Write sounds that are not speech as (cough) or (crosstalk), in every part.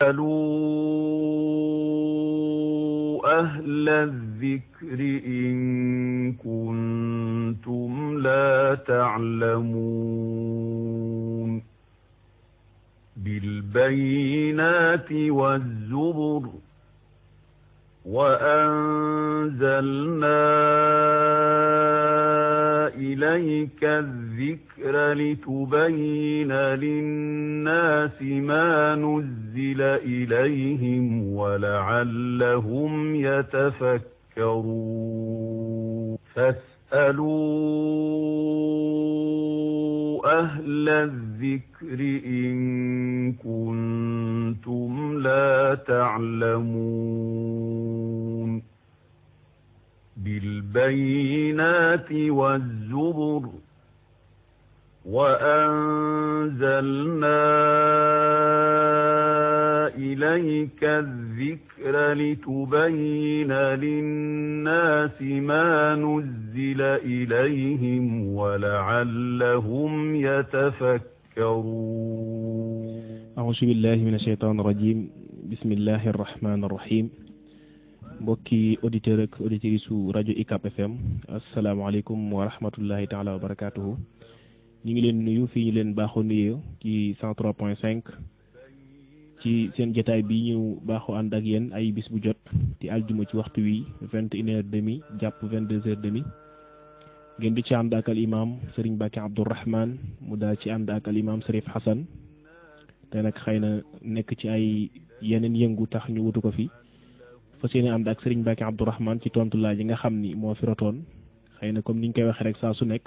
فاسألوا أهل الذكر إن كنتم لا تعلمون بالبينات والزبر وأنزلنا إليك الذكر لتبين للناس ما نزل إليهم ولعلهم يتفكرون فاسألوا أهل الذكر إن كنتم لا تعلمون بالبينات والزبر وأنزلنا إليك الذكر لتبين للناس ما نزل إليهم ولعلهم يتفكرون أعوذ بالله من الشيطان الرجيم بسم الله الرحمن الرحيم mbokki auditeurs ak yi su rajo UCAB FM asalaamaaleykum wa rahmatullahi taala wa barakaatuhu ñu ngi leen nuyu fii ñu leen baaxoo nuyee ci 103 point 5 ci seen jotaay bi ñu baaxoo ànd ak yéen ay bis bu jot ci aljuma ci waxtu wi vingt une heure demi jàpp vingt deux heures demi ngeen di ci ànd ak al imaam Serigne Bàkke Abdourahman mu daal ci ànd ak al imaam Serif Hassan te nag xëy na nekk ci ay yeneen yëngu tax ñu wutu ko fi. fas yéene ànd ak Serigne Mbacke Abdourahmane ci tontu laaj yi nga xam ni moo fi rotoon xëy na comme ni ñu koy waxee rek saa su nekk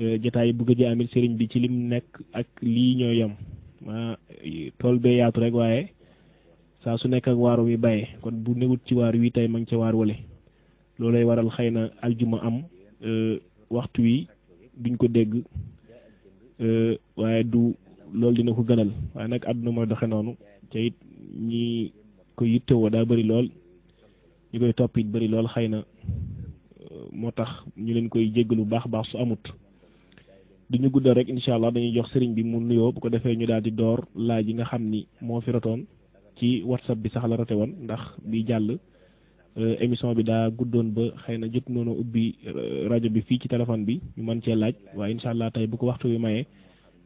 euh, jotaay bu gëj a amit Serigne bi ci lim nekk ak lii ñoo yem tool bee yaatu rek waaye saa su nekk ak waar wi bàyyee kon bu newut ci waar wi tey ma ngi ca waar wale loolu loolay waral xëy na juma am euh, waxtu wi duñ ko dégg euh, waaye du loolu dina ko gënal waaye nag àdduna mooy doxe noonu te it ñi koy yittewoo daa bëri lool ñu koy topp bari lool xëy na moo tax ñu leen koy jéggalu lu baax baax su amut duñu guddal rek incha allah dañuy jox sëriñ bi mu nuyoo bu ko defee ñu daal di door laaj yi nga xam ni moo fi rotoon ci whatsapp bi sax la rote woon ndax bi jàll euh, émission bi daa guddoon ba xëy na jot noonu ubbi euh, rajo bi fii ci téléphone bi ñu mën cee laaj waaye incha allah tey bu ko waxtu bi mayee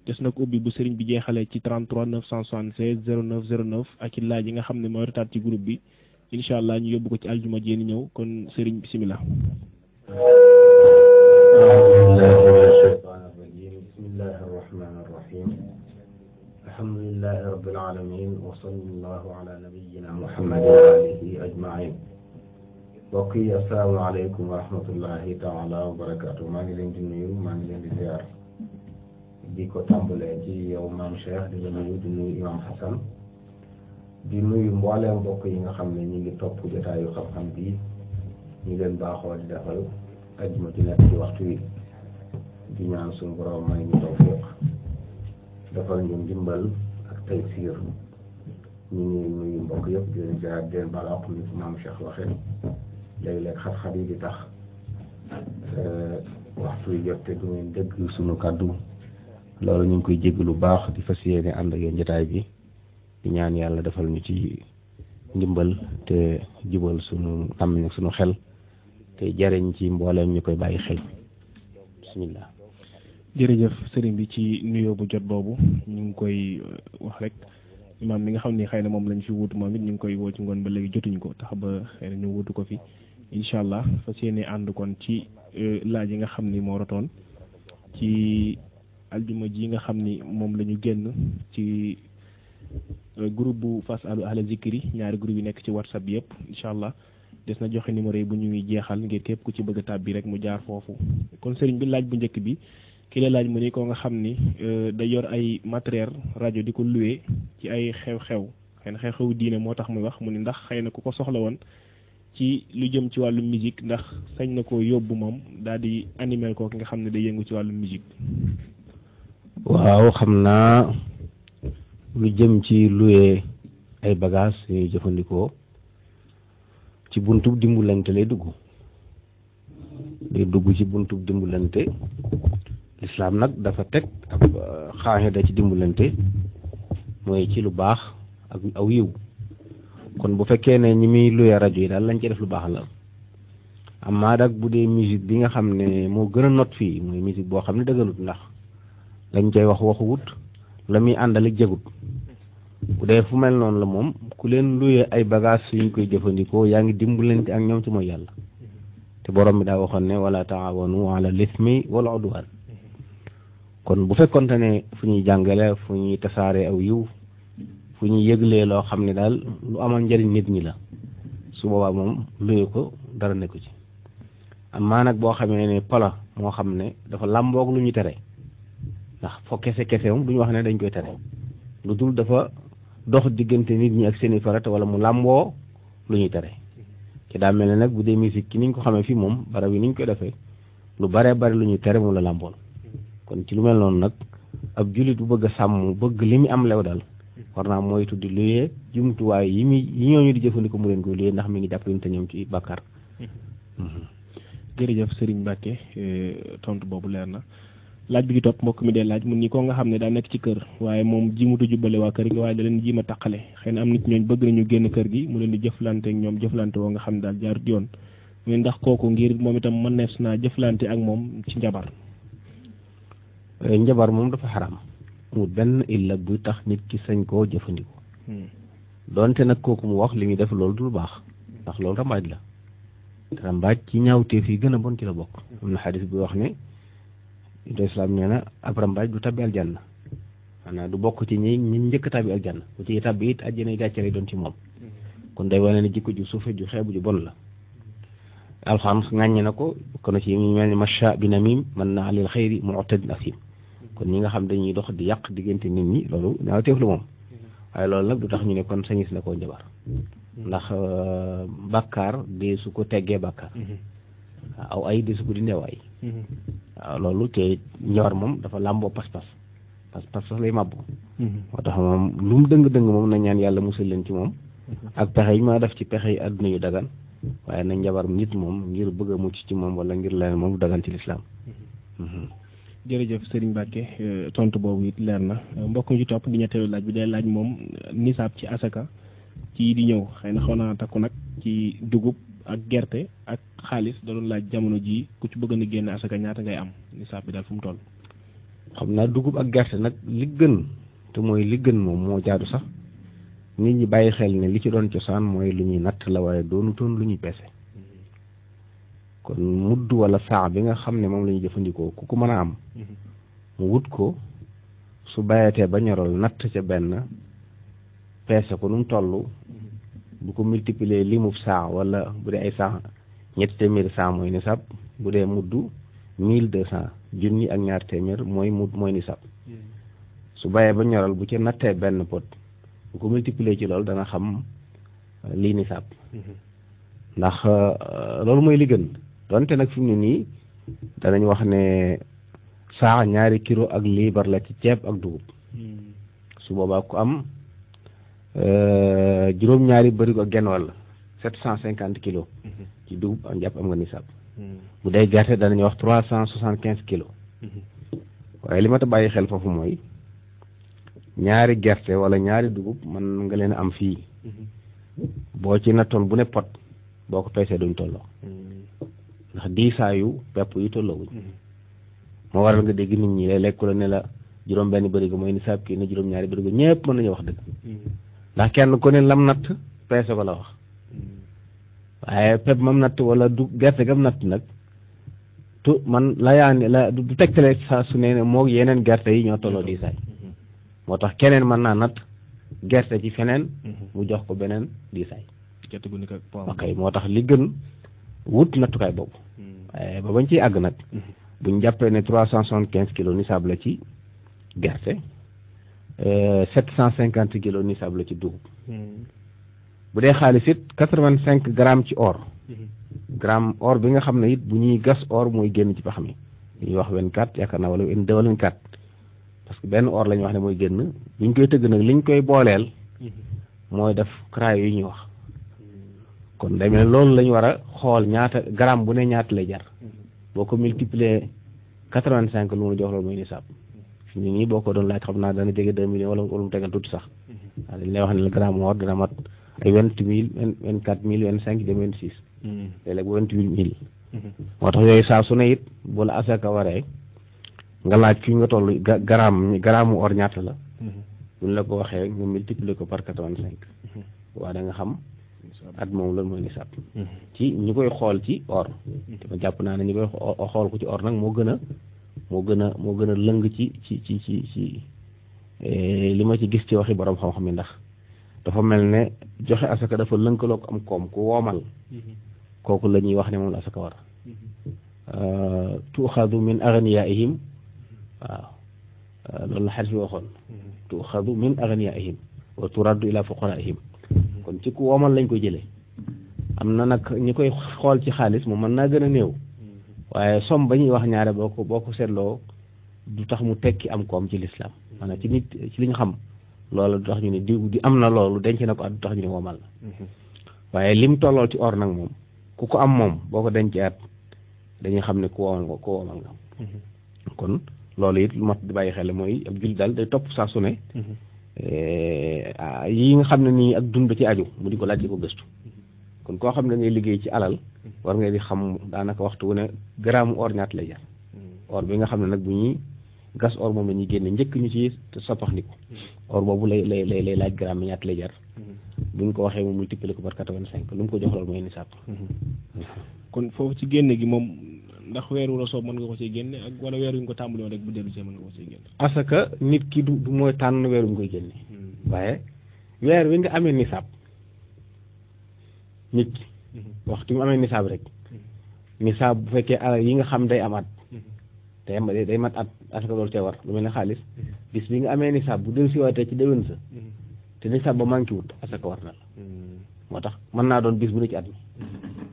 des na ko ubbi bu sëriñ bi jeexalee ci 33 976 09 09 ak i laaj yi nga xam ne mooy retaat ci groupe bi incha allah ñu yóbbu ko ci aljuma jéeni ñëw kon sëriñ bisimilah. alhamdulilahi rabbil alamin wa sallallahu ala nabiyina muhammadin wa alihi ajmain mbokk yi asalaamaaleykum wa rahmatullahi taala wa barakatu maa ngi leen di maa ngi leen di di ko tàmbalee ci yow maam Cheikh di la nuyu di nuyu imam Hassan di nuyu mbooleem mbokk yi nga xam ne ñu ngi topp jotaayu xam-xam bi ñu leen baaxoo di defal ajjuma ci ci waxtu wi di ñaan suñu borom may ñu defal ñu ndimbal ak taysiir ñu ngi nuyu mbokk yëpp di leen jaar di leen balaax ni maam Cheikh waxee léeg-léeg xat-xat yi di tax euh, waxtu wi jot te du ngeen dégg suñu kàddu loolu ñu ngi koy jégg lu baax di fa yéene ànd ak yéen jotaay bi di ñaan yàlla defal ci ndimbal te jubal sunu tàmmiñ ak sunu xel te jariñ ci mbooleem ñu koy bàyyi xel bisimilah. jërëjëf sëriñ bi ci nuyoo bu jot boobu ñu ngi koy uh, wax rek imaam mi nga xam ne xëy na moom lañ fi wuutu moom it ñu ngi koy woo ci ngoon ba léegi jotuñu ko tax ba xëy na ñu wuutu ko fi incha allah fas yéene ànd kon ci uh, laaj yi nga xam ni moo rotoon ci. aljuma ji nga xam ni moom la ñu génn ci euh, groupe bu Fass'Alou Ahla Zikri ñaari groupe yu nekk ci whatsapp yëpp incha allah des na joxe numéro yi bu ñuy jeexal ngir képp ku ci bëgg a tàbbi rek mu jaar foofu. kon sëriñ bi laaj bu njëkk bi ki la laaj mu ni ko nga xam ni euh, da yor ay matériel rajo di ko loué ci ay xew-xew xëy na xew-xew diine moo tax muy wax mu ni ndax xëy na ku ko soxla woon. ci lu jëm ci wàllu musique ndax sañ na ko yóbbu moom daal di animer ko ki nga xam ne day yëngu ci wàllu musique waaw xam naa lu jëm ci luwe ay bagages yooyu jëfandikoo ci buntub dimbalante lay dugg day dugg ci buntub dimbalante lislaam nag dafa teg ab euh, xaaxida ci dimbalante mooy ci lu baax ak aw yiw kon bu fekkee ne ñi muy luwe rajo yi daal lañ ci def lu baax la amaa nag bu dee musique bi nga xam ne moo gën a not fii mooy musique boo xam ne dëgganut ndax lañ koy wax waxuwut la muy àndalik jagut bu dee fu mel noonu la moom ku leen luyee ay bagage suñ koy jëfandikoo yaa ngi dimbalante ak ñoom ci mooy yàlla te borom bi daa waxoon ne wala taawanu ala lismi wala udwan kon bu fekkonte ne fu ñuy jàngale fu ñuy tasaare aw yiw fu ñuy yëglee loo xam ne daal lu amal njariñ nit ñi la su boobaa moom luye ko dara nekku ci am maa nag boo xamee ne pala moo xam ne dafa làmboog lu ñu tere ndax fo kese kese moom duñu wax ne dañ koy tere lu dul dafa dox diggante nit ñi ak seeni farata wala mu làmboo lu ñuy tere ci daa mel ne nag bu dee musique ki niñ ko xamee fii moom barab yi niñ koy defee lu baree bari lu ñuy tere mu la làmboon kon ci lu mel noonu nag ab jullit bu bëgg a sàmm bëgg li mu am lew daal war naa mooy moytu di luyee jumtuwaay yi muy yi ñooñu di jëfandikoo mu leen koy luyee ndax mi ngi jàppante ñoom ci bàkkaar (laughs) jërëjëf Serigne Mbacke eh, tontu boobu leer na laaj bi ci topp mbokk mi dee laaj mun ni ko nga xam ne daa nekk ci kër waaye moom ji mu jubale waa kër gi waaye da leen ji ma taqale xëy na am nit ñooñ bëgg nañu génn kër gi mu leen di jëflante ak ñoom jëflante woo nga xam ne daal jaarut yoon mu ndax kooku ngir moom itam mënees naa jëflante ak moom ci njabar eh, njabar moom dafa xaram mu benn illa buy tax nit ki sañ koo jëfandikoo hmm. doonte nag kooku mu wax li muy def loolu dul baax ndax loolu rambaaj la rambaaj ci ñaawteef yi gën a bon ci la bokk am na ne te islam nee na ab rambaaj du tabbi aljanna xanaa du bokk ci ñi ñi njëkk tabbi aljanna ku ci tabbi it àjjana gàcce doon ci moom kon day wane ne jikko ju suufe ju xeebu ju bon la alxaan ŋàññi na ko kon ci ñu mel ni macha bi namim man na alil xayri mu'tadin asim kon ñi nga xam dañuy dox di yàq diggante nit ñi loolu ñaaw teef lu moom waaye loolu nag du tax ñu ne kon sañis na koo njabar ndax euh, bàkkaar dee su ko teggee bàkkaar mm-hmm. aw ay dee su ko dindee waay waaw loolu te ñor moom dafa làmboo pas-pas pas-pas sax lay màbbu mhm. moo tax moom lu mu dëng-dëng moom na ñaan yàlla musal leen ci moom mhm. ak pexe yi maa def ci pexe yi àdduna yu dagan waaye na njabar nit moom ngir bëgg a mucc ci moom wala ngir leneen moom dagan ci lislaam mhm. jërëjëf Serigne Mbacke euh, tontu boobu it leer na euh, mbokk ñu topp di ñetteelu laaj bi day laaj moom euh, nisaab ci asaka ci di ñëw xëy na xaw naa takku nag ci dugub ak gerte ak xaalis da doon laaj jamono jii ku ci bëgg na génn asaka ñaata ngay am nisaab bi daal fu mu toll. xam naa dugub ak gerte nag li gën te mooy li gën moom moo jaadu sax nit ñu bàyyi xel ne li ci doon cosaan mooy lu ñuy natt la waaye doonutoon lu ñuy peese kon mudd wala saa bi nga xam ne moom lañuy jëfandikoo ku ko mën a am. mu wut ko su bàyyatee ba ñorool natt ca benn peese ko nu toll. bu ko multiplier limub saa wala bu dee ay saa ñetti téeméeri saa mooy nisab bu dee mudd mille deux cent junni ak ñaar téeméer mooy mudd mooy nisab su bàyyee ba ñoral bu ci nattee benn pot bu ko multiplier ci loolu dana xam euh, lii nisab ndax euh, loolu mooy li gën donte nag fi mu ne nii danañ wax ne saa ñaari kilo ak liibar la ci ceeb ak dugub hmm. su boobaa ku am Euh, juróom-ñaari bërigo genn wàll sept cent cinquante kilos mhm. ci dugub am njàpp am nga nisaab mhm. bu dee gerte danañu wax trois cent soixante quinze kilos mhm. waaye li ma ta bàyyi xel foofu mooy ñaari gerte wala ñaari dugub man nga leen am fii boo ci nattoon bu ne pot boo ko peesee duñ tolloo ndax diisaayu pepp yu tolloowuñ moo waral nga dégg nit ñi lay lekku la ne la juróom benn bërigo mooy nisaab kii ne juróom ñaari bërigo ñëpp mën nañu wax dëgg ndax kenn ku ne lam natt peese ko la wax waaye pep mam natt walla du gerte gam natt nag tu man la yaani la du tegtale saa su ne ne moo yeneen gerte yi ñoo tolloo diisaay moo tax keneen mën naa natt gerte ci feneen mu jox ko beneen diisaay ok moo tax li gën wut nattukaay boobu waaye hmm. eh, ba bañ ci àgg nag hmm. buñ jàppee ne trois cent soixante quinze kilos nisab la ci gerte Euh, sept cent cinquante kilos nisaab la ci dugub hmm. bu dee xaalis it quatre vingt cinq grammes ci or hmm. gramme or bi nga xam ne it bu ñuy gas or muy génn ci pax mi ñu wax vingt quatre yaakaar naa wala deux wala parce que benn or la wax ne mooy génn bu ñu koy tëgg nag liñ koy booleel hmm. def crayo yi ñuy wax kon day mel ne loolu war a xool ñaata gramme bu ne ñaata lay jar boo ko multiplier quatre vingt cinq lu mu jox loolu mooy nisaab ñun ñii boo ko doon laaj xam naa dana jege deux millions wala wala mu tegal tuuti sax mm-hmm. waaw dañ lay wax ne la gramme mm-hmm. mm-hmm. la nga ko waxee nga multiplier ko par quatre vingt cinq waa da nga xam at moom loolu mooy nisaab ci ñu koy xool ci or te ma jàpp naa ne ñu koy xool ko ci or nag moo gën a moo gën a moo gën a lëng ci ci ci ci eh, li ma ci gis ci waxi borom xam-xam yi ndax dafa mel ne joxe asaka dafa lënkaloo ko am koom ku woomal mm-hmm. kooku la ñuy wax ne moom la asaka war mm-hmm. euh, tuxadu min aghniyaihim waaw euh, loolu la xarit bi waxoon mm-hmm. tuxadu min aghniyaihim wa turaddu ila fuqaraihim kon ci ku woomal lañ koy jëlee am na nag ñi koy xool ci xaalis moom mën naa gën a néew waaye somme ba ñuy wax ñaare boo ko boo ko seetloo du tax mu tekki am koom ci lislaam na ci nit ci li xam loolu du tax ñu ne diw di am na loolu denc na ko at du tax ñu ne womal na mm-hmm. waaye lim tollool ci or nag moom ku ko am moom boo ko dencee at dañuy xam ne ku womal nga ku mm-hmm. kon loolu it lu mat di bàyyi xel mooy ab jullit daal day topp saa su ne mm-hmm. eh, ah, yi nga xam ne nii ak dund ci aju mu di ko laaj ko gëstu kon koo xam ne ngay liggéey ci alal war nga di xam daanaka waxtu wu ne gramme or ñaata lay jar hmm. or bi nga xam ne nag bu ñuy gas or moom la ñuy génne njëkk ñu ci soppax hmm. or boobu lay lay lay lay laaj gramme ñaata lay jar hmm. bu ñu ko waxee mu multiplier ko par quatre-vingt-cinq lu mu ko jox loolu mooy nisaab kon foofu ci génne gi moom ndax weer wu mën nga ko see génne ak wala weer ko tàmbali woon rek bu dellu see mën nga parce que nit ki du mooy tànn weer wu ñu koy génne waaye weer wi nga amee nisaab nit ki mm-hmm. waxtu mu amee nisaab rek mm-hmm. nisaab bu fekkee alal yi nga xam day mm-hmm. am at day day mat at asaka loolu cee war lu mel ne xaalis bis bi nga amee nisaab bu del siwaatee ci déwén sa te nisaab ba wut asaka war na moo tax mën naa doon bis bu ci at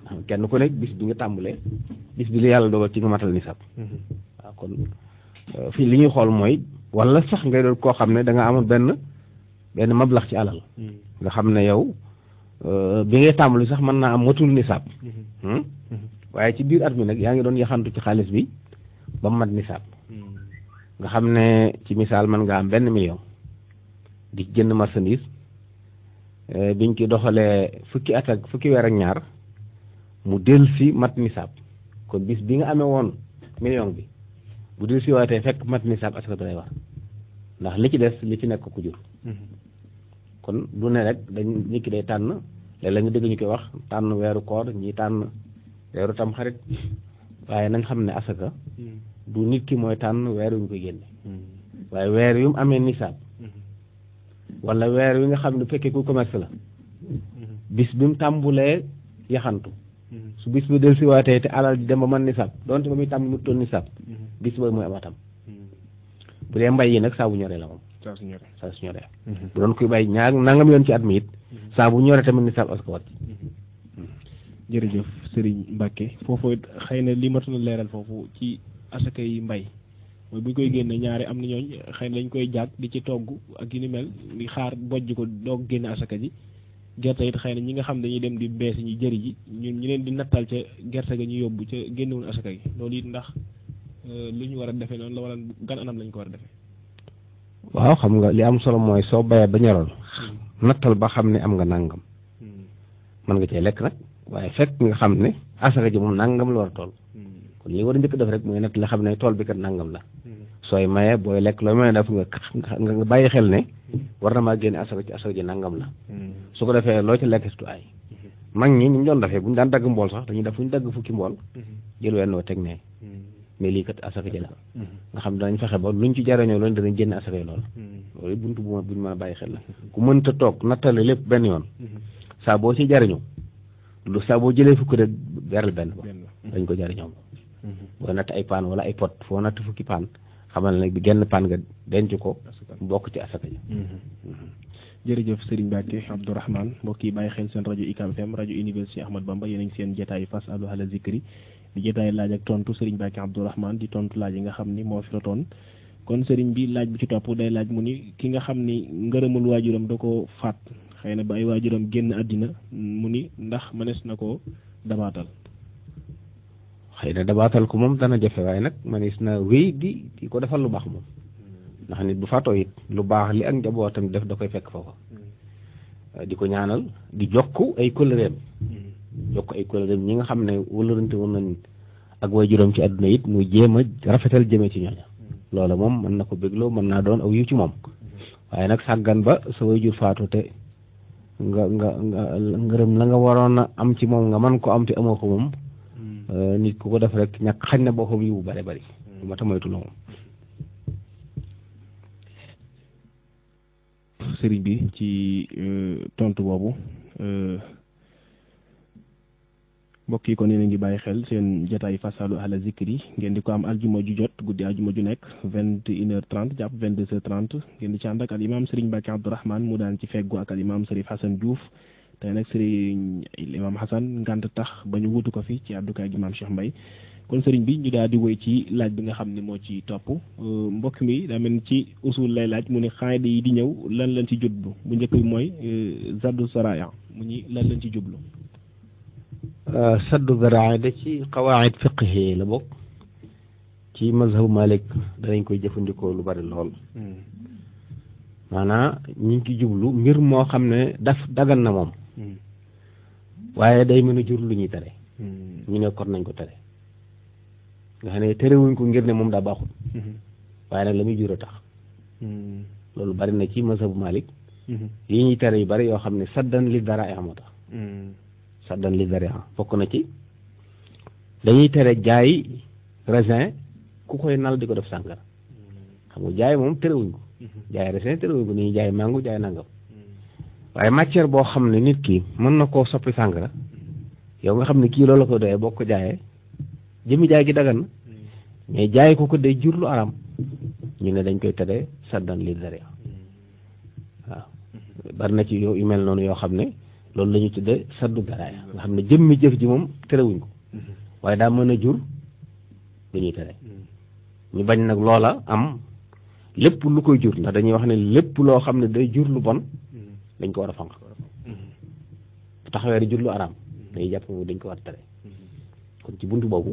mi kenn ku nekk bis bi nga tàmbalee bis bi la yàlla dogal ci nga matal nisaab waaw kon euh, fii li ñuy xool mooy wala sax ngay doon koo xam ne danga nga amoon benn benn mablax ci alal nga xam ne yow Euh, bi ngay tàmbali sax man naa am matul nisaab mm-hmm. Hmm? Mm-hmm. waaye ci biir at mi nekk yaa ngi doon yaxantu ci xaalis bi ba mat nisaab mm-hmm. nga xam ne ci misaal man nga am benn million di jënd marchandise euh, biñ ci doxalee fukki at ak fukki weer ak ñaar mu del si mat nisaab kon bis bi nga amee woon million bi bu del si waatee fekk mat nisaab asaka bi lay ndax li ci des li ci nekk ku jur kon du ne rek dañ nit ki day tànn léeg la nga dégg ñu koy wax tànn weeru koor ñi tànn weeru tam xarit waaye nañ xam ne asaka mm. du nit ki mooy tànn weer wi ñu koy génne mm. waaye weer yu mu amee nisaab mm-hmm. wala weer wi nga xam ne fekkee ku commerce la mm-hmm. bis bi mu tàmbulee yaxantu mm-hmm. su bis bi del siwaatee te alal ji dem ba man nisaab donte ba muy tàmbali mu toll nisaab bis boobu mooy amatam bu dee mbay yi nag saa bu ñoree la moom saa su ñoree saa su ñoree bu doon koy bàyyi ñaar nangam yoon ci at mi it saa bu ñoree tamit ni saab as ko wàcc sëriñ Mbacke foofu it xëy na li matula leeral foofu ci asaka yi mbay mooy bu ñu koy génne ñaari am na ñooñ xëy dañ koy jàkk di ci togg ak yu ni mel di xaar bojj ko doog génne asaka ji gerte it xëy na ñi nga xam dañuy dem di bees ñu jëri ji ñun ñu leen di nattal ca gerte ga ñu yóbbu ca génnewuñ asaka gi loolu it ndax euh, lu ñu war a defee noonu lañ ko war a defee waaw xam nga li am solo mooy soo bayee ba ñoroon nattal ba xam ne am nga nàngam hmm. mën nga cee lekk nag waaye fekk nga xam ne asaka ji moom nàngam la tool hmm. kon war a def rek mooy natt la xam ne tool bi kat nàngam la hmm. sooy maye booy lekk looy maye dafa nga nga bàyyi xel ne war na maa génne asaka ci asaka ji nàngam la su ko defee loo ci lekk surtout ay mag ñi ñu doon defee bu ñu daan dagg mbool sax dañuy def fu ñu dagg fukki mbool jël wenn wa teg ne mais lii kat asaka ji la mm-hmm. nga xam danañ fexe ba luñ ci jariñoo loolu danañ génn asaka yi lool loolu mm-hmm. buntu bu buñ mën a bàyyi xel la ku mënta toog nattale lépp benn yoon mm-hmm. saa boo si jariñoo lu saa boo jëlee fukk rek beral benn ba dañ ko jariñoo boo natt ay paan wala ay pot foo natt fukki paan xamal ne genn paan nga denc ko bokk ci asaka ji jërëjëf Serigne Mbacke Abdourahmane mbokk yi bàyyi xel seen rajo ICAM FM rajo Université Ahmad Bamba yéen a ngi seen jotaayu di jotaay laaj ak tontu Serigne Bakhy Abdourahmane di tontu laaj yi nga xam ni moo fi rotoon kon Serigne bi laaj bu ci topp day laaj mu ni ki nga xam ni ngërëmul waajuram da ko faat xëy na ba ay waajuram génn àddina mu ni ndax mënees na koo dabaatal. xëy na dabaatal ko moom dana jafe waaye nag mënees na wéy di di ko defal lu baax moom ndax nit bu faatoo lu baax li ak njabootam def da koy fekk foofa mm. di ko ñaanal di jokk ay kóllëreem mm. yokk ay kuréelam ñi nga xam ne wëlërante woon na nit ak way juróom ci àdduna it mu jéem a rafetal jëmee ci ñooña mm-hmm. loola moom mën na ko bégloo mën naa doon aw yiw ci moom mm-hmm. waaye nag sàggan ba soo way jur faatu te nga nga nga ngërëm la nga waroon a am ci moom nga mën ko am te amoo ko moom mm-hmm. euh, nit ku ko def rek ñàkk xañ na boppam yiw bu bare bari lu ma moom sëriñ bi ci euh, tontu boobu euh, mbokk yi kon yéen a ngi bàyyi xel seen jotaay fasalu ala zikri ngeen di ko am aljuma ju jot guddi aljuma ju nekk vingt et une heure trente jàpp vingt deux heures trente ngeen di ci ànd ak al imaam Serigne Mbacke Abdourahmane mu daan ci feggu ak al imaam Serigne Hassan Diouf tey nag Serigne imaam Hassan ngant tax ba ñu wutu ko fi ci àddukaay gi imaam Cheikh Mbaye kon sëriñ bi ñu daal di woy ci laaj bi nga xam ne moo ci topp euh, mbokk mi daa mel ci usul lay laaj mu ne xaayda yi di ñëw lan lañ ci jublu bu njëkk bi mooy euh, zaddu saraya mu ñi lan lañ ci jublu. Euh, saddu zaraay da ci qawaid fiqhi la bokk ci mazhabu malik danañ koy jëfandikoo lu bari lool maanaam ñu ngi ci jublu ngir moo xam ne daf dagan na moom waaye day mën a jur lu ñuy tere ñu ne kon nañ ko tere nga xam ne wuñ ko ngir ne moom daa baaxul waaye nag la muy jur a tax loolu bari na ci mazhabu malik mm-hmm. yi ñuy tere yu bari yoo xam ne saddan li daraay amoo tax saddan li zariha bokk na ci dañuy tere jaay raisin ku koy nal di ko def sàngara xam nga jaay moom terewuñ ko mm-hmm. jaay raisin terewuñ ko ni ñuy jaay mango jaay nangam mm-hmm. waaye matière boo xam ne nit kii mën na koo soppi sàngara mm-hmm. yow nga xam ne kii loolu la ko doyee bokk ko jaayee jëmi jaay gi dagan na jaay ko ko day jurlu lu aram ñu ne dañ koy tere saddan li zariha waaw bari na ci yow yu mel noonu yoo xam ne loolu la ñu tudde saddu garaaya nga xam ne jëmmi jëf ji moom terewuñ ko waaye daa mën a jur lu ñuy tere ñu bañ nag loola am lépp lu koy jur ndax dañuy wax ne lépp loo xam ne day jur lu bon dañ ko war a fanq bu taxawee di jur lu araam dañuy jàpp mu dañ ko war a tere kon ci buntu boobu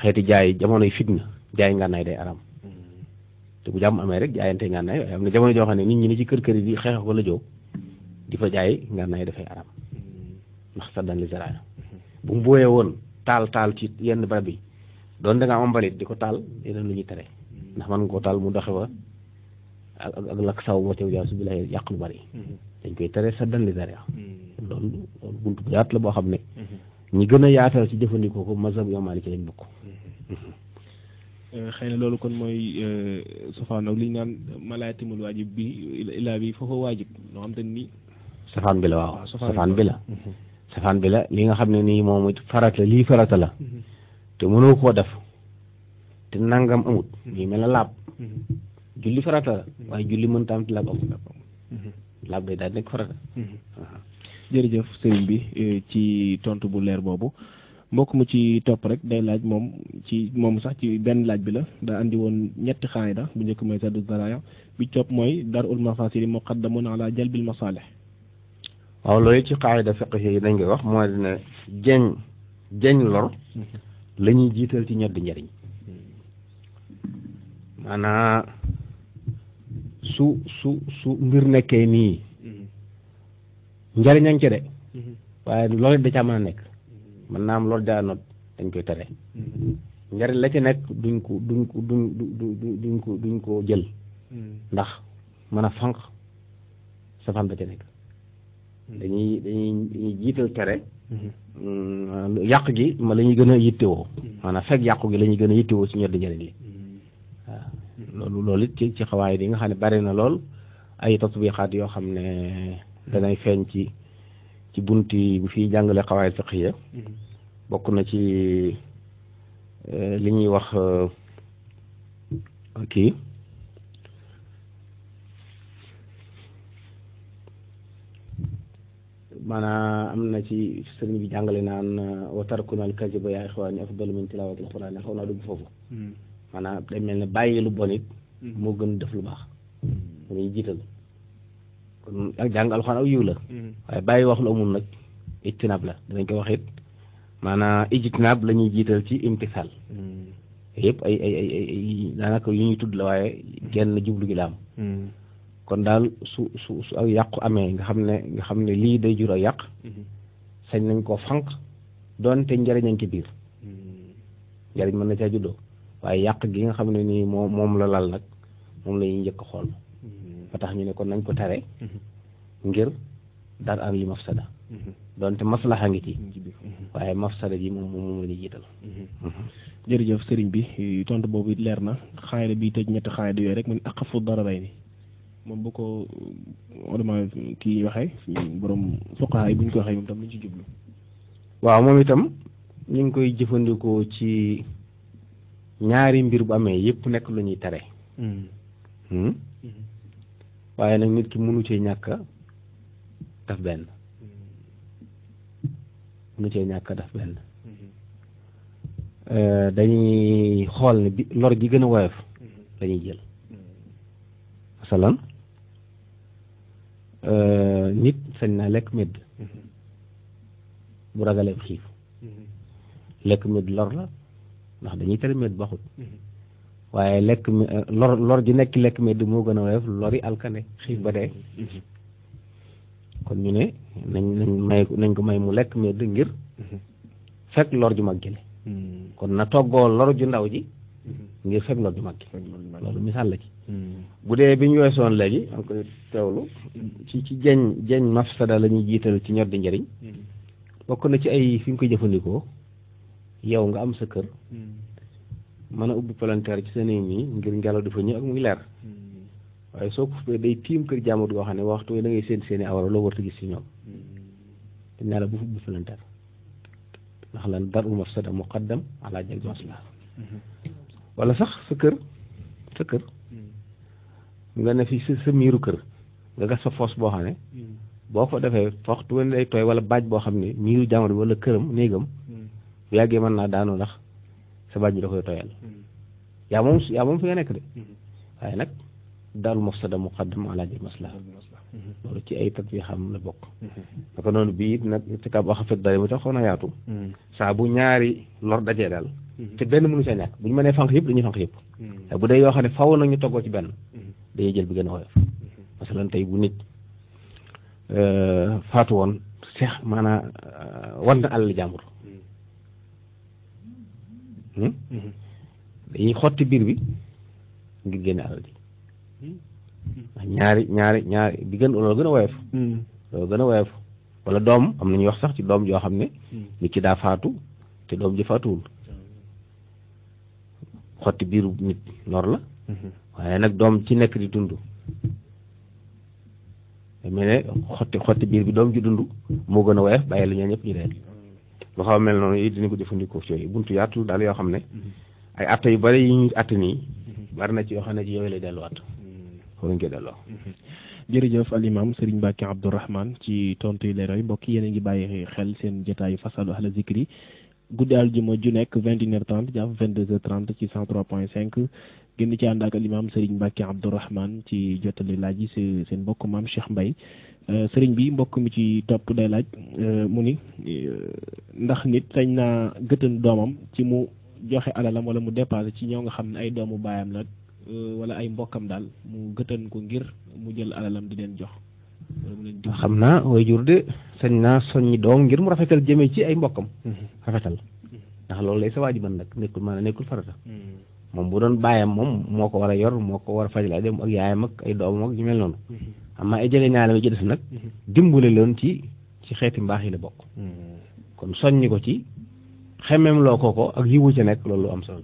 xeeti jaay jamonoy fitna jaay ngànnaay day araam te bu jàmm amee rek jaayante ngànnaay waaye am na jamono joo xam ne nit ñi ni ci kër kër yi di xeex ko la joo di fa jaay ngànnaay dafay aram hmm. ndax sa daan li zaraaya bu mu booyee woon taal taal ci yenn barab yi doon da nga am mbalit di ko taal yeneen lu ñuy tere hmm. ndax man nga ko taal mu doxe fa ak lakk saw moo teew jaa su bi la yàq lu bari hmm. dañ koy tere sa daan li zaraaya loolu loolu bunt bu yaat la boo xam ne ñi gën a yaatal ci jëfandikoo ko mazhab yoo Maalik ci lañ bokk eh, xëy na loolu kon mooy eh, sofaanoog li ñu naan malaatimul waajib bi ilaa bi foofa waajib loo xam te ni safaan bi la waaw ah, safaan bi la safaan bi la mm-hmm. li nga xam ne nii moom farata lii farata la mm-hmm. te mënoo koo def te nangam amut nii mm-hmm. mel na laab julli farata la waaye julli mën taam te laab day nekk farata jërëjëf sëriñ bi eh, ci tontu bu leer boobu mbokk ci topp rek day laaj moom ci moom sax ci benn laaj bi la daa andi woon ñetti xaayida bu njëkk mooy saddu zaraaya bi topp mooy dar ul mafasili muqaddamun ala jalbil masaalih waaw loolu ci qaayida fiqh yi dañ koy wax moo di ne jeñ jeñ lor la jiital ci ñoddi njariñ maanaa su su su mbir nekkee nii njariñ a ci de waaye loolu da caa mën a nekk mën naa am loolu daa dañ koy tere njariñ la ci nekk duñ ko duñ ko duñ duñ ko duñ ko jël mm. ndax mën a fànq safaan ba ca nekk Hmm. dañuy dañuy dañuy jiital tere hmm. Hmm, euh, yàq gi ma la ñuy gën a yittewoo maanaa fekk yàqu gi la ñuy gën a yittewoo ci ñoddi njëriñ li waaw loolu loolu it ci xawaay yi nga xam ne bari na lool ay tatbiqaat yoo xam ne danay feeñ ci ci bunt bu fiy jàngale xawaay fiqhiya bokk na ci euh, li ñuy wax euh, kii maanaam am na ci sëriñ bi jàngale naan wa tarkuna alkaziba yaa ixwaani afdalu min tilawati alquran xaw naa dugg foofu maanaam day mel ne bàyyi lu bon moo gën def lu baax mu ñuy jiital kon ak jàng alxuraan aw yiw la waaye bàyyi wax lu amul nag ijtinaab la danañ ko wax it maanaam lañuy jiital ci imtisaal yëpp ay ay ay ay daanaka yu ñuy tudd la waaye genn jublu gi la am kon daal su su su ak yàqu amee nga xam ne nga xam ne lii day jur ak yàq mm-hmm. sañ nañ koo fànq doonte njëriñañ ci biir mm-hmm. njëriñ mën na caa juddoo waaye yàq gi nga xam ne nii moom moom la lal nag moom la ñuy njëkk xool mm-hmm. ba tax ñu ne kon nañ ko tare ngir daal am yi mafsada doonte maslaxa ngi ci waaye mafsada ji moom moom la ñuy jiital jërëjëf sëriñ bi tontu boobu leer na xaayda bi tëj ñetti xaayda yooyu rek mu ne aqafu dararayni moom bu ko euh, orma kii waxee borom fuqaha yi bu ñu ko waxee moom tam lu ñu ci jublu. waaw moom itam ñu koy jëfandikoo ci ñaari mbir bu amee yépp nekk lu ñuy tere. Hmm. Hmm? Hmm. waaye nag nit ki mënu cee ñàkk daf benn. mënu cee ñàkk daf benn. Euh, dañuy xool ne bi lor gi gën a woyof. dañuy jël. masalan. Euh, nit sañ naa lekk medd bu mm-hmm. ragalee xiif mm-hmm. lekk medd lor la ndax dañuy tere medd baxut mm-hmm. waaye lekk euh, lor lor ji nekk lekk medd moo gën a woyof lori alkane xiif ba dee kon ñu ne nañ nañ may nañ ko may mu lekk medd ngir fekk lor ju mag jële kon na toggoo lor ju ndaw ji ngir fekk lor ju mag ji loolu misaal la ci bu dee bi ñu weesoon léegi am koy teewlu ci ci jañ jañ mafsada lañuy jiital ci ñor di njëriñ mm-hmm. bokk na ci ay fi ñu koy jëfandikoo yow nga am sa kër mm-hmm. mën a ubbi palanteer ci seen nii ngir ngelaw fa ñëw ak muy leer mm-hmm. waaye soo ko day tiim kër jàmbur yoo xam ne waxtu da ngay seen seeni awra loo warta gis ci ñoom dañ naa la bu ubbi palanteer ndax lan dar u mafsada muqaddam ala jag masla wala sax sa kër sa kër nga ne fi sa sa miiru kër nga gas fa foos boo xam ne hmm. boo ko defee waxtu wen day tooy wala baaj boo xam ne miiru jàmbur bi wala këram néegam hmm. bu yàggee man naa daanu ndax sa baaj bi da koy tooyal hmm. yaa moom yaa moom fi nga nekk de waaye nag daal mufsada muqaddam ala jël maslaha loolu ci ay tat yi xam la bokk naka noonu bii it nag irtikaab axafid dali mu tax xaw na yaatu saa bu ñaari lor dajee daal te benn mënu sa ñàkk bu ñu mënee fànq yëpp dañuy fànq yëpp bu dee yoo xam ne faw na ñu toggoo ci benn dañuy jël bi gën a woyof masalan mm-hmm. tey bu nit euh, faatu woon seex maanaa euh, war na àll jàmbur mm-hmm. Hmm? Mm-hmm. dañuy xotti biir bi ngir génne àll ji ñaari ñaari bi gën loolu gën a woyof loolu gën a woyof wala doom am na ñuy wax sax ci doom joo xam ne nit ki daa faatu te doom ji faatuwul xotti biiru nit ñor la waaye nag doom ci nekk di dund mel ne xotti xotti biir bi doom ji dund moo gën a woyof bàyyi la ñoo ñëpp ñu dee lu xaw mel noonu yi dina ko jëfandikoo ci yooyu buntu yaatu daal yoo xam ne mm-hmm. ay atta yu bari yi ñu att nii mm-hmm. bari na ci yoo xam ne ci yooyu lay delluwaat mm-hmm. foofu ñu koy delloo jërëjëf sëriñ Serigne Mbacke Abdourahmane ci tontu yu leeral mbokk yéen a ngi bàyyi xel seen jotaayu fasalu ahla zikri guddi aljuma ju nekk vingt une heure trente jàpp vingt deux heures trente ci cent trois point cinq génn ci ànd ak alimaam Serigne Mbacke Abdourahmane ci jottali laaj yi seen mbokk maam Cheikh Mbaye euh, Serigne bi mbokk mi ci topp day laaj euh, mu ni euh, ndax nit sañ naa gëtën doomam ci mu joxe alalam wala mu dépassé ci ñoo nga xam ne ay doomu baayam la wala ay mbokkam daal mu gëtën ko ngir mu jël alalam di leen jox. xam naa way jur de sañ naa ñi doom ngir mu rafetal jëme ci ay mbokkam mm-hmm. rafetal ndax loolu lay sa waaji ban nag nekkul maanaam nekkul farata mm-hmm. moom bu doon bàyyam moom moo ko war a yor moo ko war a fajal ay ak yaayam ak ay doomam ak ñu mel noonu mm-hmm. am naa ay jege ñaale ci des nag dimbale loon ci ci xeeti mbaax yi la bokk kon soññi ko ci xemmeem loo ko ko ak yiwu ci nekk loolu am solo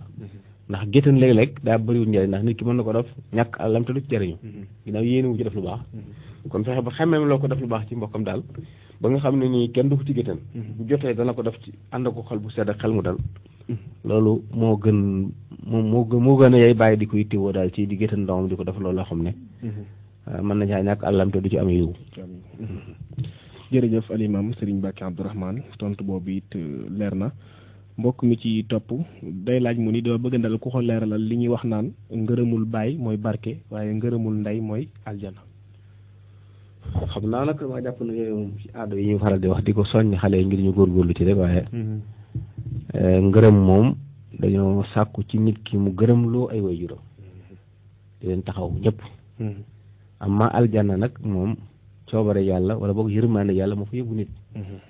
ndax géttan léeg-léeg daa bëriwul njëriñ ndax nit ki mën na ko def ñàkk àllam te du ci jëriñu mm-hmm. ginnaaw yéene wu ci def lu baax mm-hmm. kon fexe ba xamee loo ko def lu baax ci mbokkam daal ba nga xam ne nii kenn du ko ci géttan mm-hmm. bu jotee dana ko def ci ànd ko xol bu sedd xel mu dal loolu moo gën moom moo gën moo gën a yay bàyyi di ko yittewoo daal ci di géttan doomam di ko def loolu la xam ne mën na caa ñàkk àllam du ci amee yiw jërëjëf alimam Serigne Mbacke Abdourahmane tontu boobu it euh, leer na mbokk mi ci topp day laaj mu ni doo bëgg ndal ku ko leeralal li ñuy wax naan ngërëmul baay mooy barke waaye ngërëmul nday mooy aljana xam naa nag dama moom ci aado yi ñuy faral di wax di ko soññ xale yi ngir ñu góorgóorlu ci rek waaye mm-hmm. eh, ci nit ki mu gërëm loo ay taxaw ñëpp mm-hmm. amma nag moom coobare yàlla wala boog yërmaande yàlla moo fa yóbbu nit mm-hmm.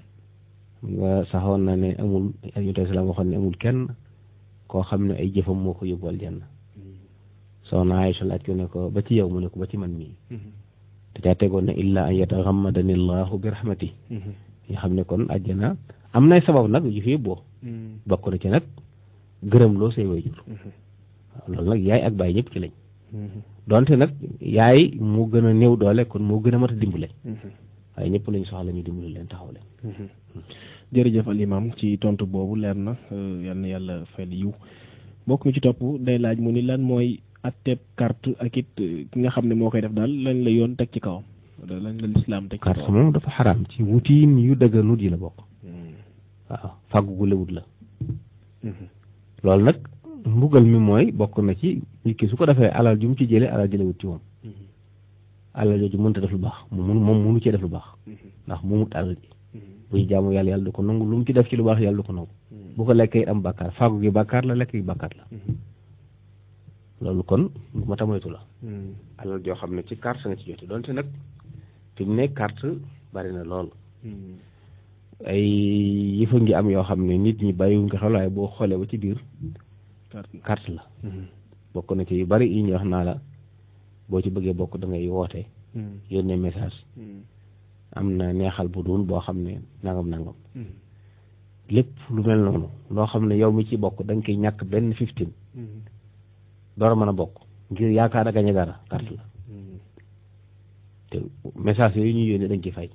saxoon na ne amul ak yonent salaam waxoon ne amul kenn koo xam ne ay jëfam moo ko yóbbu aljanna mm-hmm. soxna Aysa laaj ko ne ba ci yow mu ne ko ba ci man mii mm-hmm. te caa tegoon ne illaa an yataxammadani allahu bi rahmati mm-hmm. nga xam ne kon àjjana am nay sabab nag yu fi yóbboo bokk ci nag gërëm loo say nag yaay ak baay ñëpp ci lañ donte nag yaay mu gën a néew doole kon moo gën a mat a dimbale waaye ñëpp lañ soxla ñu dimbali leen taxaw leen. Mm-hmm. jërëjëf al imam ci tontu boobu leer na euh, yal yàlla fayal yiw mbokk mi ci topp day laaj mu ni lan mooy atteb carte ak euh, ki nga xam ne moo koy def daal lañ la yoon teg ci kawam lañ la lislaam teg ci kawam. carte moom dafa xaraam ci wutiin yu dëgganut yi la bokk. Mm-hmm. waaw fàggu gu la. Mm-hmm. loolu nag mbugal mi mooy bokk na ci nit ki su ko defee alal ju mu ci jëlee alal jëlewut ci woon alal jooju mënta def lu baax mu mun moom mënu cee def lu baax mm-hmm. ndax moomut alal ji mm-hmm. buy jaamu yàlla yàlla du ko nangu lu mu ci def ci lu baax yàlla du ko nangu mm-hmm. bu ko lekkee am bàkkaar faagu gi bàkkaar la lekk gi bàkkaar kon lu ma tamoytu la xam ne ci carte nga ci jote doonte nag fi mu ne bari na lool ay yëfa ngi am yoo xam ne nit ñi bàyyiwuñ ko xel boo xoolee ba ci biir carte la bokk na ci yu bari yi ñu wax naa la boo ci bëggee bokk da ngay woote. Hmm. yónnee message. Hmm. am na neexal bu dul boo xam ne nangam nangam. Hmm. lépp lu mel noonu loo xam ne yow mi ci bokk da koy ñàkk benn fifteen. door a mën a bokk ngir yaakaar a gañe dara carte la. te message yooyu ñuy yónnee dañ ci fay.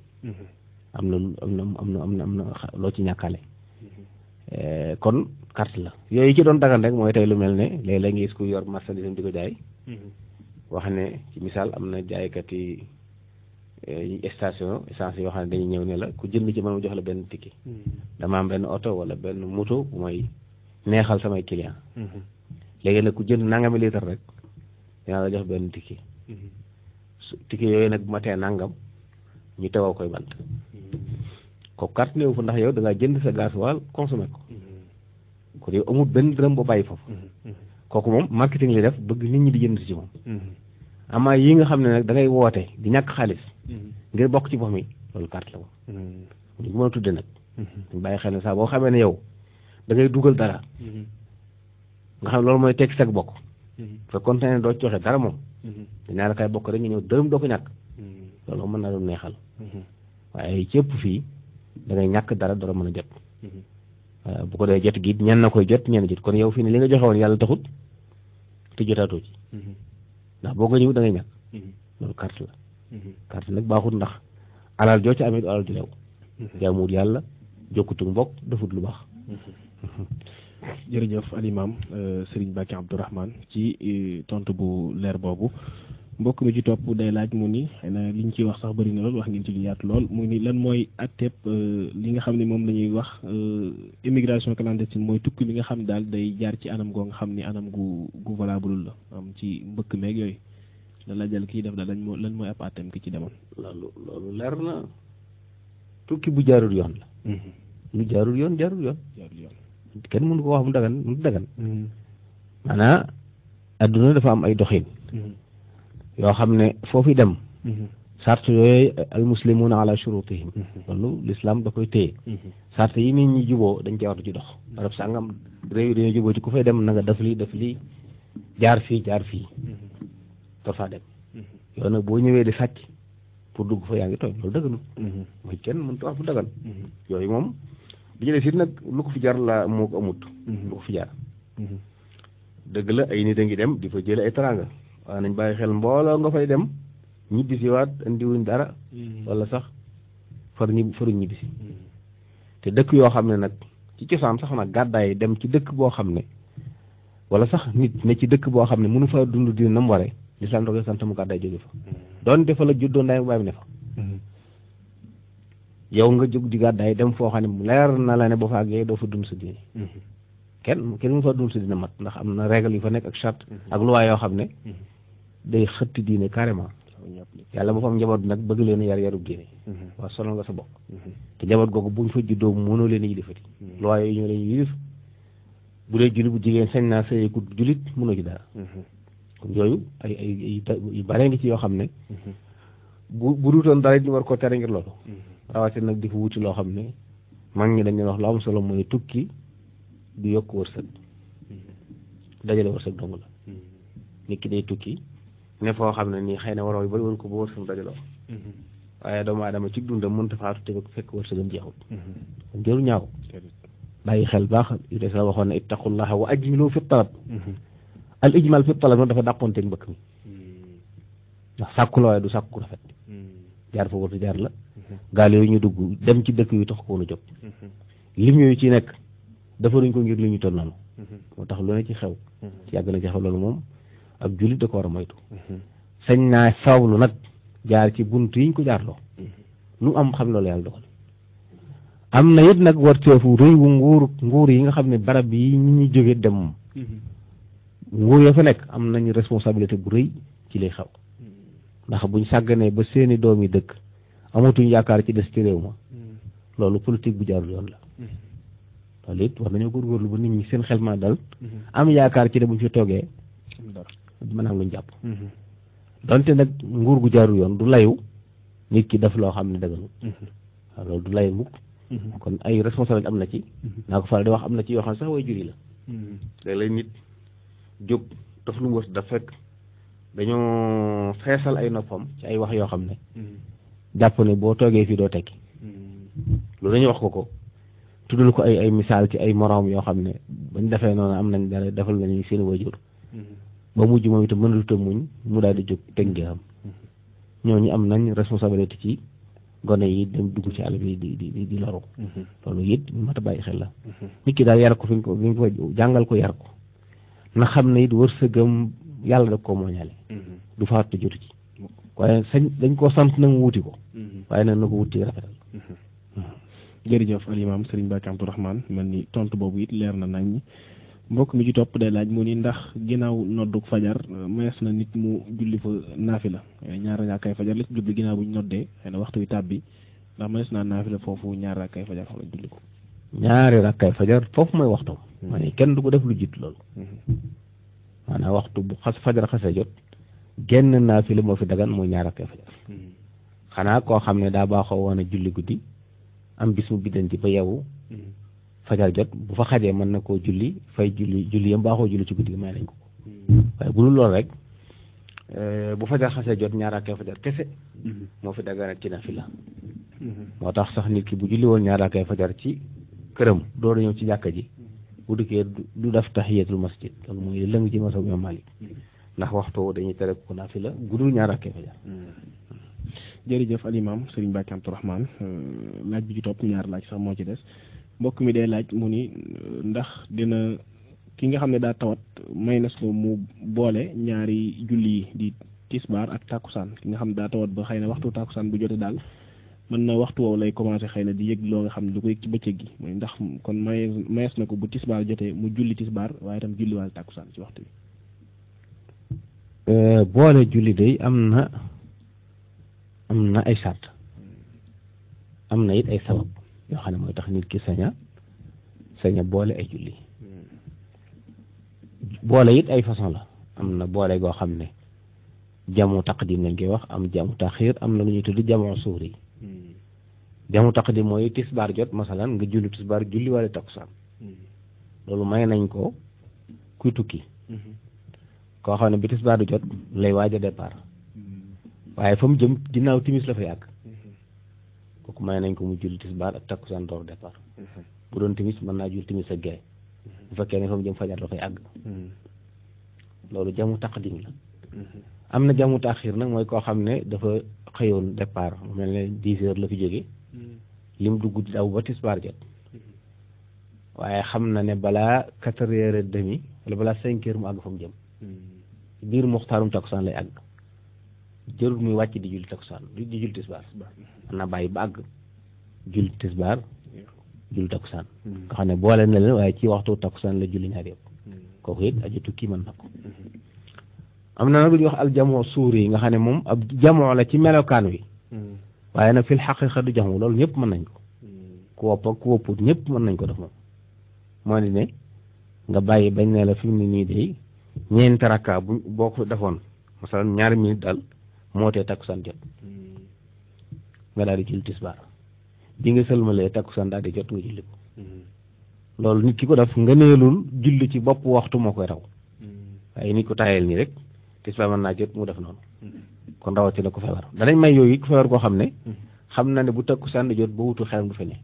am na am na am na am na am loo ci ñàkkale. Eh, kon carte la yooyu ci doon dagan rek mooy tey lu mel ne léeg-léeg nga gis ku yor marchandise am di ko jaay. wax ne ci misaal am na jaaykati eh, station essence yoo xam ne dañuy ñëw ne la ku jënd ci man ma jox la benn tikki hmm. dama am benn oto wala benn moto bu may neexal samay client hmm. léegi nag ku jënd nangami litre rek dinaa la jox benn tikki hmm. tikki yooyu nag bu ma nangam ñu tewoo koy bant ko carte néew fa ndax yow da jënd sa gasoil consommé ko kon yow amul benn dërëm bu bàyyi foofu kooku moom marketing li def bëgg nit ñi di jënd ci moom mm-hmm. amaa yii nga xam ne nag da woote di ñàkk xaalis mm-hmm. ngir bokk ci box mi loolu carte la moom mm-hmm. ñu mën a tudde nag dañ xel ne saa boo xamee ne yow da dugal dara nga xam loolu mooy teg sag bokk te doo joxe dara moom dinaa la kay bokk rek nga ñëw dërëm doo ko ñàkk loolu mën naa doon neexal waaye cëpp fii da ngay ñàkk dara dara mën a jot bu ko dee jot gi ñan na koy jot ñenn jot kon yow fii ne li nga joxe woon yàlla taxut te jotaatoo ci mm-hmm. ndax boo ko ñëwut da ngay ñàkk mm-hmm. loolu carte la mm-hmm. carte nag baaxul ndax alal joo ci amee du alal ju leew yàlla jokkutu mbokk defut lu baax jërëjëf alimaam euh, Serigne Mbacké Abdourahmane ci euh, tontu bu leer boobu mbokk mi ci topp day laaj mu ni xay na li ñu ciy wax sax bëri na lool wax ngeen ci lu yaatu lool mu ni lan mooy atteb euh, li nga xam ne moom la ñuy wax euh, immigration clandestine mooy tukki li nga xam ne daal day jaar ci anam goo nga xam ni anam gu gu valable la am ci mbëkk meeg yooyu lan la jël kii def daal lan moo lan mooy ki ci demoon. loolu leer na tukki bu jaarul yoon la. Mm-hmm. lu jaarul yoon jaarul yoon. jaarul kenn mënu ko wax mu dagan mu dagan. Mm-hmm. maanaam adduna dafa am ay doxin. Mm-hmm. yoo xam ne foofu dem mm-hmm. sart yooyu almuslimuuna ala shurutihim mm-hmm. loolu l'islam da koy téye mm-hmm. sart yi nit ñi juboo dañ cee war ci dox barab sàngam réew yi dañoo juboo ci ku fay dem na nga li lii def lii jaar fii jaar fii door faa dem yow nag boo ñëwee di sàcc pour dugg fa yaa ngi tooñ loolu dëgganul mooy kenn mënut a wax bu dëggan yooyu moom di jëlee sit nag lu ko fi jar la moo ko amut lu ko fi jar dëgg la ay nit a ngi dem di fa jële ay teraanga waaye nañ bàyyi xel mbooloo nga fay dem ñibbisiwaat indiwuñ dara mm-hmm. wala sax far ñi faruñ ñibbisi mm-hmm. te dëkk yoo xam ne nag ci cosaan sax nag gàddaay dem ci dëkk boo xam ne wala sax nit ne ci dëkk boo xam ne mënu fa dund di nam ware lislaam da sant mu gàddaay jóge fa mm-hmm. doon defa la juddoo ndaay mu bàyyi ne fa yow nga jóg di gàddaay dem foo xam ne mu leer na la ne boo fa àggee doo fa dund sa diine kenn kenn mu fa dund sa diine mat ndax am na règle yu fa nekk ak charte ak luwaay yoo xam ne day xëtti diine carrément yàlla bu fa am njaboot nag bëgg leen yar yarub diine mhm. waaw sonal nga sa bokk mhm. te njaboot googu buñ fa juddoo mënoo leen yilifati mhm. loi yooyu ñoo leen yilif bu dee jullit bu naa sëy ku jullit mënoo ci dara kon yooyu ay ay yu bare ngi ci yoo xam ne bu bu duutoon dara ñu war koo tere ngir loolu rawatina nag di ko wuti loo xam ne mag ñi dañ leen wax loo am solo mooy tukki du yokk wërsëg dajale wërsëg dong la nit ki tukki ne foo xam ne nii xëy na waroo yu bari ko ba wërsëg dajaloo mm-hmm. waaye doomu aadama ci dundam mënta faatu te fekk wërsëgam jeexut mm-hmm. kon jëru ñaaw bàyyi xel baax Iblis la waxoon ne ittaqullaha wa ajmilu fi talab mm-hmm. al ijmal fi talab noonu dafa dàqoonteeg mbëkk mi ndax sàkku la waaye du sàkku rafet jaar fa wartu jaar la gaal yooyu ñu dugg dem ci dëkk yu tax ko woon a jóg lim yooyu ci nekk dafa ruñ ko ngir li ñu toll noonu moo tax lu ne ci xew yàgg na ci xew loolu moom ak jullit da ko war a moytu mm-hmm. sañ naa sawlu nag jaar ci bunt yiñ ko jaarloo mm-hmm. lu am xam loolu yàlla dogal am na it nag war teefu rëy nguur yi nga xam ne barab yi ñi ñuy jóge dem moom mm-hmm. nguur ya fa nekk am nañu responsabilité bu rëy ci lay xaw ndax buñ sàgganee ba seeni doom yi dëkk amatuñ yaakaar ci des ci réew ma loolu politique bu jaarul yoon la loolu it war nañoo góorgóorlu ba nit ñi seen xel ma dal am yaakaar ci de buñ fi toogee du mën a am jàpp ñu jàpp. nag nguur gu jaarul yoon du layu nit ki def loo xam ne dëgg waaw mm-hmm. ah, loolu du layu mukk mm-hmm. kon ay responsabilité am na ci. Mm-hmm. naa ko faral di wax am na ci yoo xam ne sax way jur la. nit jóg daf lu mu wër dañoo feesal ay noppam ci ay wax yoo xam ne. jàpp ne boo toogee fii doo tekki. loolu dañuy wax ko ko. tuddal ko ay ay misaal ci ay moroom yoo xam ne bañ defee noonu am nañ dara defal nañu wajur ba mujj moom itam mënatut a muñ mu daal di jóg teg ñoo ñooñu am nañ responsabilité ci gone yi dem dugg ci àll bi di di di loolu it mat bàyyi xel la. nit ki daal yar ko fi nga ko fi ko jàngal ko yar ko na xam ne it wërsëgam yàlla da koo mooñaale. Mhm. du faatu jotu ci. waaye sañ dañ koo sant na mu wuti ko. Mhm. waaye nag na ko wuti rafetal. Mhm. jërëjëf Alimaam Sëriñ Mbàkke Abdu Rahmaan mel ni tontu boobu it leer na nañ. mbokk mu ci topp day laaj mu ni ndax ginnaaw nodduk fajar euh, mayees na nit mu julli fa naafila eh, ñaar raakaay fajar la ci jubli ginnaaw bu ñu noddee xëy waxtu wi tàbbi ndax mayees naa naafila foofu ñaar raakaay fajar ko. ñaari raakaay fajar foofu mooy waxtu hmm. ma kenn du ko def lu jiit loolu. Hmm. maanaam waxtu bu xas fajar fi dagan ñaar raakaay hmm. xanaa koo xam ne daa baaxoo woon a julli guddi am bis mu biddanti ba yeewu. fajar jot bu fa xajee mën na koo julli fay julli julli yam baaxoo julli ci guddi gi may nañ ko mm-hmm. waaye bu dul loolu rek euh, bu fajar xasee jot ñaar rakkay fajar kese mm-hmm. moo fi daganal ci la mm-hmm. moo tax sax nit ki bu julli woon ñaar rakkay fajar ci këram door a ñëw ci jàkka ji bu dikkee du def tax tahiyatul masjid loolu mooy li lëng ci masab imam Malik ndax waxtu dañuy tere ko nafila gudul ñaar rakkay fajar jërëjëf alimam Serigne Mbacké Abdourahmane euh, laaj bi ci topp ñaar laaj moo ci des mbokk mi day laaj mu ni ndax dina ki nga xam ne daa tawat may nas ko mu boole ñaari julli yi di tisbaar ak tàkkusaan ki nga xam ne daa tawat ba xëy na waxtu tàkkusaan bu jotee daal mën na waxtu woowu lay commencé xëy na di yëg loo nga xam ne du ko yëg ci bëccëg gi mooy ndax kon may mayees na ko bu tisbaar jotee mu julli tisbaar waaye tam julli waal tàkkusaan ci waxtu euh, julli day am na am na ay sart am na it ay sabab yoo xam ne mooy tax nit ki saña saña boole ay julli boole it ay façon la am na boole goo xam ne jamu taqdim lañ koy wax am jamu taxiir am na lu ñuy tudd jamu suur yi jamu taqdim mooy tisbaar jot masalan nga julli tisbaar julli wala takkusaan loolu may nañ ko kuy tukki koo xam ne bi tisbaar du jot lay waaj a départ waaye fa mu jëm dinaaw timis la fa yàgg kooku may nañ ko mu julli tisbaar ak takkusaan door départ mhm. bu doon timis mën naa julli timis ak gee mhm. bu fekkee ne fa mu jëm fajar la àgg mhm. loolu jamu taqdim la am na jamu xiir nag mooy koo xam ne dafa xëyoon départ mu mel ne dix heures la fi jóge lim dugg daw ba tisbaar jot waaye xam na ne balaa quatre heures et demi wala balaa cinq heures mu àgg fa mu jëm biir muxtaarum takkusaan lay àgg jërul muy wàcc di julli takusaan di julli tisbaar mën na bàyyi ba àgg julli tisbaar julli takusaan hmm. nga xam ne boole na leen waaye ci waxtu takusaan la julli ñaar yëpp hmm. kooku it aji tukki mën na ko hmm. am na nag lu ñuy wax aljamoo suur yi nga xam ne moom ab jamoo la ci melokaan wi waaye nag fil xaqiqa du jamoo loolu ñëpp mën nañ ko ku wopp ku wopput ñëpp mën nañ ko def moom moo di ne nga bàyyi bañ ne la fi mu nii day ñeenti rakka bu boo ko defoon masalan ñaari minute daal moo takku takkusaan jot nga daal di julli tisbaar bi nga sëlmalee takkusaan daal di jot nga julli ko loolu nit ki ko def nga neelul julli ci bopp waxtu moo koy raw waaye nit ko taayal nii rek tisbaar mën naa jot mu def noonu kon rawatina ko feebar danañ may yooyu ku feebar koo xam ne xam na ne bu takkusaan jot ba wutul xelam du fene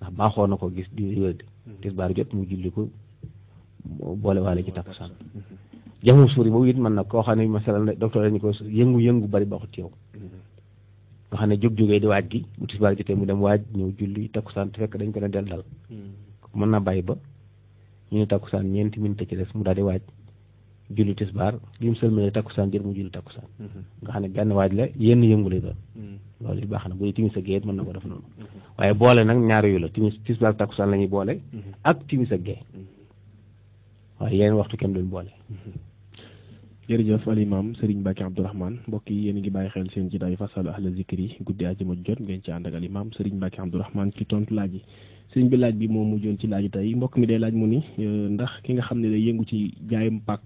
ndax baaxoo na ko gis di wér tisbaar jot mu julli ko boolewaale ci takkusaan jamu suuri boobu it mën na koo xam ne masalan docteur dañu ko yëngu-yëngu bari baaxut ci yow nga xam ne jóg-jógee di waaj gi bu tisbaar jotee mu dem waaj ñëw julli takkusaan te fekk dañ ko ne del dal hmm. mën na bàyyi ba ñu ne takkusaan ñeenti minute ci des mu daal di waaj julli tisbaar li mu sëlmale takkusaan jër mu julli takkusaan hmm. nga xam ne benn waaj la yenn yëngu lay doon hmm. loolu it baax na bu dee timis ak géet mën na ko def noonu waaye boole nag ñaar yu la timis tisbaar takkusaan la ñuy boole ak timis ak gée waaye yeneen waxtu kenn duñ boole jërëjëf alimaam Serigne Mbacke Abdourahmane mbokk yi yéen ngi bàyyi xel seen jotaay fasalu ahla zikri guddi àjjuma jot ngeen ci ànd ak alimaam Serigne Mbacke Abdourahmane ci tontu laaj yi sëriñ bi laaj bi moom mujjoon ci laaju tey mbokk mi day laaj mu ni euh, ndax ki nga xam ne day yëngu ci jaayum pàkk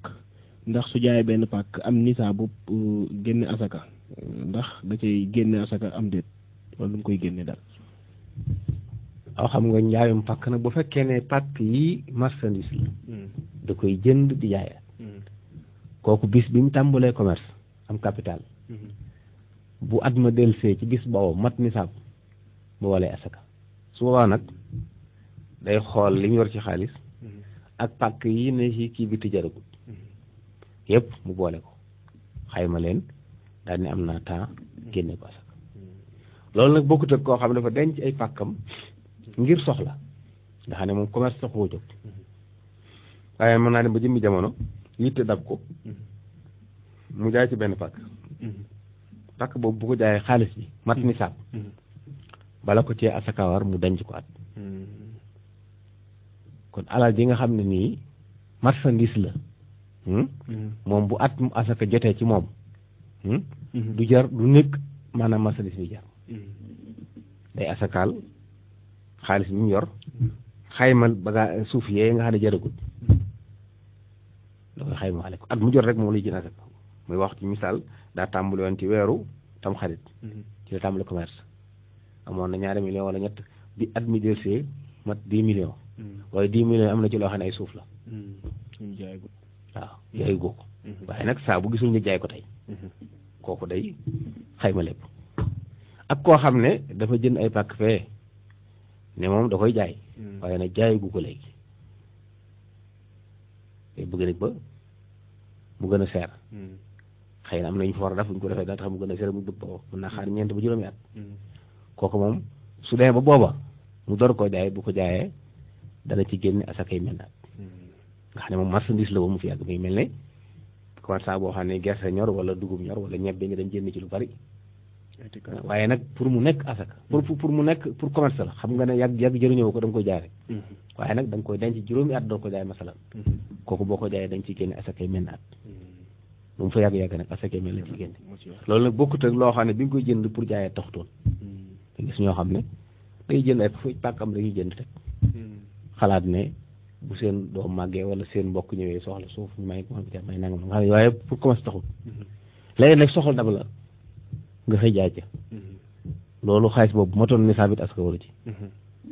ndax su jaayee benn pàkk am nisaa bu euh, génne asaka ndax da cay génne asaka am déet wala lu mu koy génne daal. waaw xam nga njaayum pàkk nag bu fekkee ne pàkk yi marchandise la. Hmm. da koy jënd kooku bis bi mu tàmbalee commerce am capital mhm. bu at ma delsee ci bis boobu mat nisaab bu walee asaka su boobaa nag day xool li mu ci xaalis mhm. ak pàkk yi ne kii bi tëjaragut mhm. yëpp mu boole ko xayma leen daal ne am naa temps génne ko asaka loolu nag bokkut ak koo xam ne dafa denc ay pàkkam ngir soxla nga ne moom commerce sax jóg waaye mën naa ne ba jëmmi jamono yitte dab ko mm-hmm. mu jaay ci benn pàkk mm-hmm. pàkk boobu bu ko jaayee xaalis bi mat mm-hmm. nisaab bala ko cee asakawar mu denc ko at kon alal ji nga xam ne nii marchandise la hmm? moom bu at asaka jotee ci moom hmm? du jar du nekk maanaam marchandise bi jar day asakaal xaalis bi yor xaymal bagaa suuf yee nga xam ne jaragut la koy xayma waale ko at mu jot rek moom lay jën asaka muy wax ci misaal daa tàmbali woon ci weeru tam xarit mhm. ci la tàmbali commerce amoon na ñaari million wala ñett bi at mi delsee mat dix millions mhm. waaye dix millions am na ci loo xam ne ay suuf la mhm. waaw jaay waaye nag saabu bu gisul ñu jaay ko tey kooku dey xayma lépp ak koo xam ne dafa jën ay pàkk fee ne moom da koy jaay waaye nag jaay ko léegi bëgg nañ ba mu gën a seer hmm. xëy na am nañu fa war a def bu ñu ko defee dana tax mu gën a seer mu bëgg boobu mën naa xaar ñeent ba juróomi at hmm. kooku moom su demee ba booba mu door koo jaay bu ko jaayee dana ci génne asakay mel naat hmm. nga xam ne moom marchandise la ba mu fi yàgg muy mel ne commerçant boo xam ne gerte ñor wala dugub ñor wala ñebbe nga dem jënd ci lu bari waaye nag pour mu nekk asaka pour mm-hmm. pour mu nekk pour commerce la xam nga ne yàgg yàgg jëriñoo ko da nga koy jaare mm-hmm. waaye nag da nga koy denc juróomi at doo ko jaay masalan mm-hmm. kooku boo ko jaayee da nga ciy génne asakay menn at lu mu fa yàgg-yàgg ne bi nga koy jënd pour ñoo xam ne day jënd ay pàkk am dañuy jënd rek xalaat ne bu seen doom màggee wala seen mbokk ñëwee soxla suuf ñu may may nangam nga xam ne waaye pour commerce taxut léegi nag soxla daba la nga xëy jaay ca loolu xaalis boobu matoon nisaabit asaka waru ci mhm.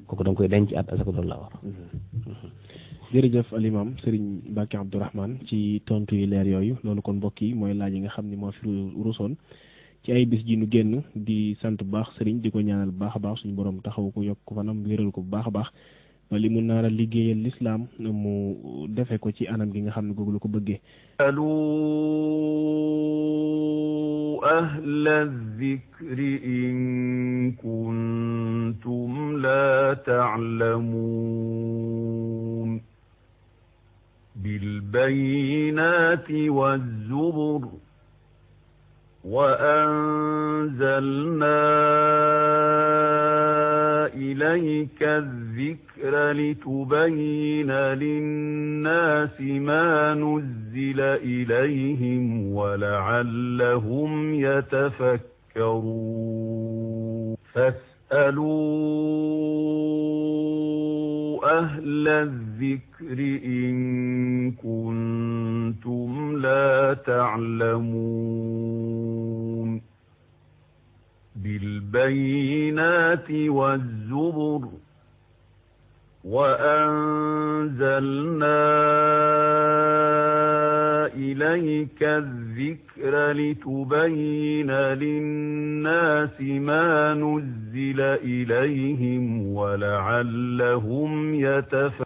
kooku da nga koy denc at asaka doon la war mhm. Mhm. jërëjëf alimam Serigne Mbacke Abdourahmane ci tontu yi leer yooyu loolu kon mbokk yi mooy laaj yi nga xam ni moo fi ruusoon ci ay bis ji nu génn di sant bu baax Serigne di ko ñaanal bu baax a baax suñ borom taxaw ko yokk fanam wéral ko bu baax a baax li mu naara liggéeyal lislaam mu defe ko ci anam gi nga xam ne googu la ko bëggee. أهل الذكر إن كنتم لا تعلمون بالبينات والزبر وأنزلنا إليك الذكر لتبين للناس ما نزل إليهم ولعلهم يتفكرون فاسألوا أهل الذكر إن كنتم لا تعلمون بالبينات والزبر وأنزلنا إليك الذكر لتبين للناس ما نزل إليهم ولعلهم يتفكرون